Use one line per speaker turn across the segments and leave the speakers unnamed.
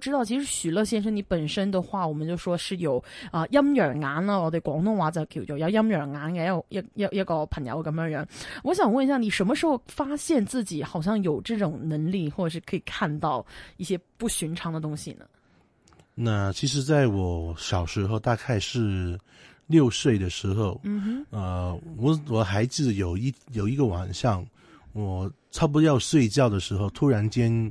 知道，其實許樂先生，你本身的話，我們就說是有啊陰陽眼啦，我哋廣東話就叫做有陰陽眼嘅一一一一個朋友咁樣樣。我想問一下，你什麼時候發現自己好像有這種能力，或者是可以看到一些不尋常的東西呢？
那其實，在我小時候，大概是六歲的時候，嗯哼，呃，我我還記得有一有一個晚上，我差不多要睡覺的時候，突然間。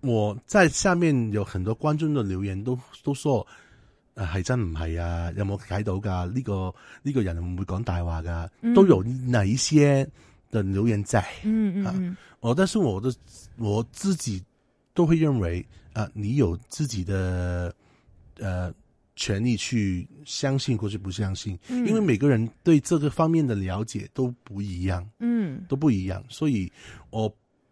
我在下面有很多觀眾的留言都，都都說，誒、啊、係真唔係啊？有冇睇到㗎？呢、這個呢、這個人會講大話㗎、啊？嗯、都有哪一些的留言在？嗯、啊、嗯我，但是我的我自己都會認為，啊，你有自己的，呃權利去相信或者不相信，嗯、因為每個人對這個方面的了解都不一樣，
嗯，
都不一樣，所以我。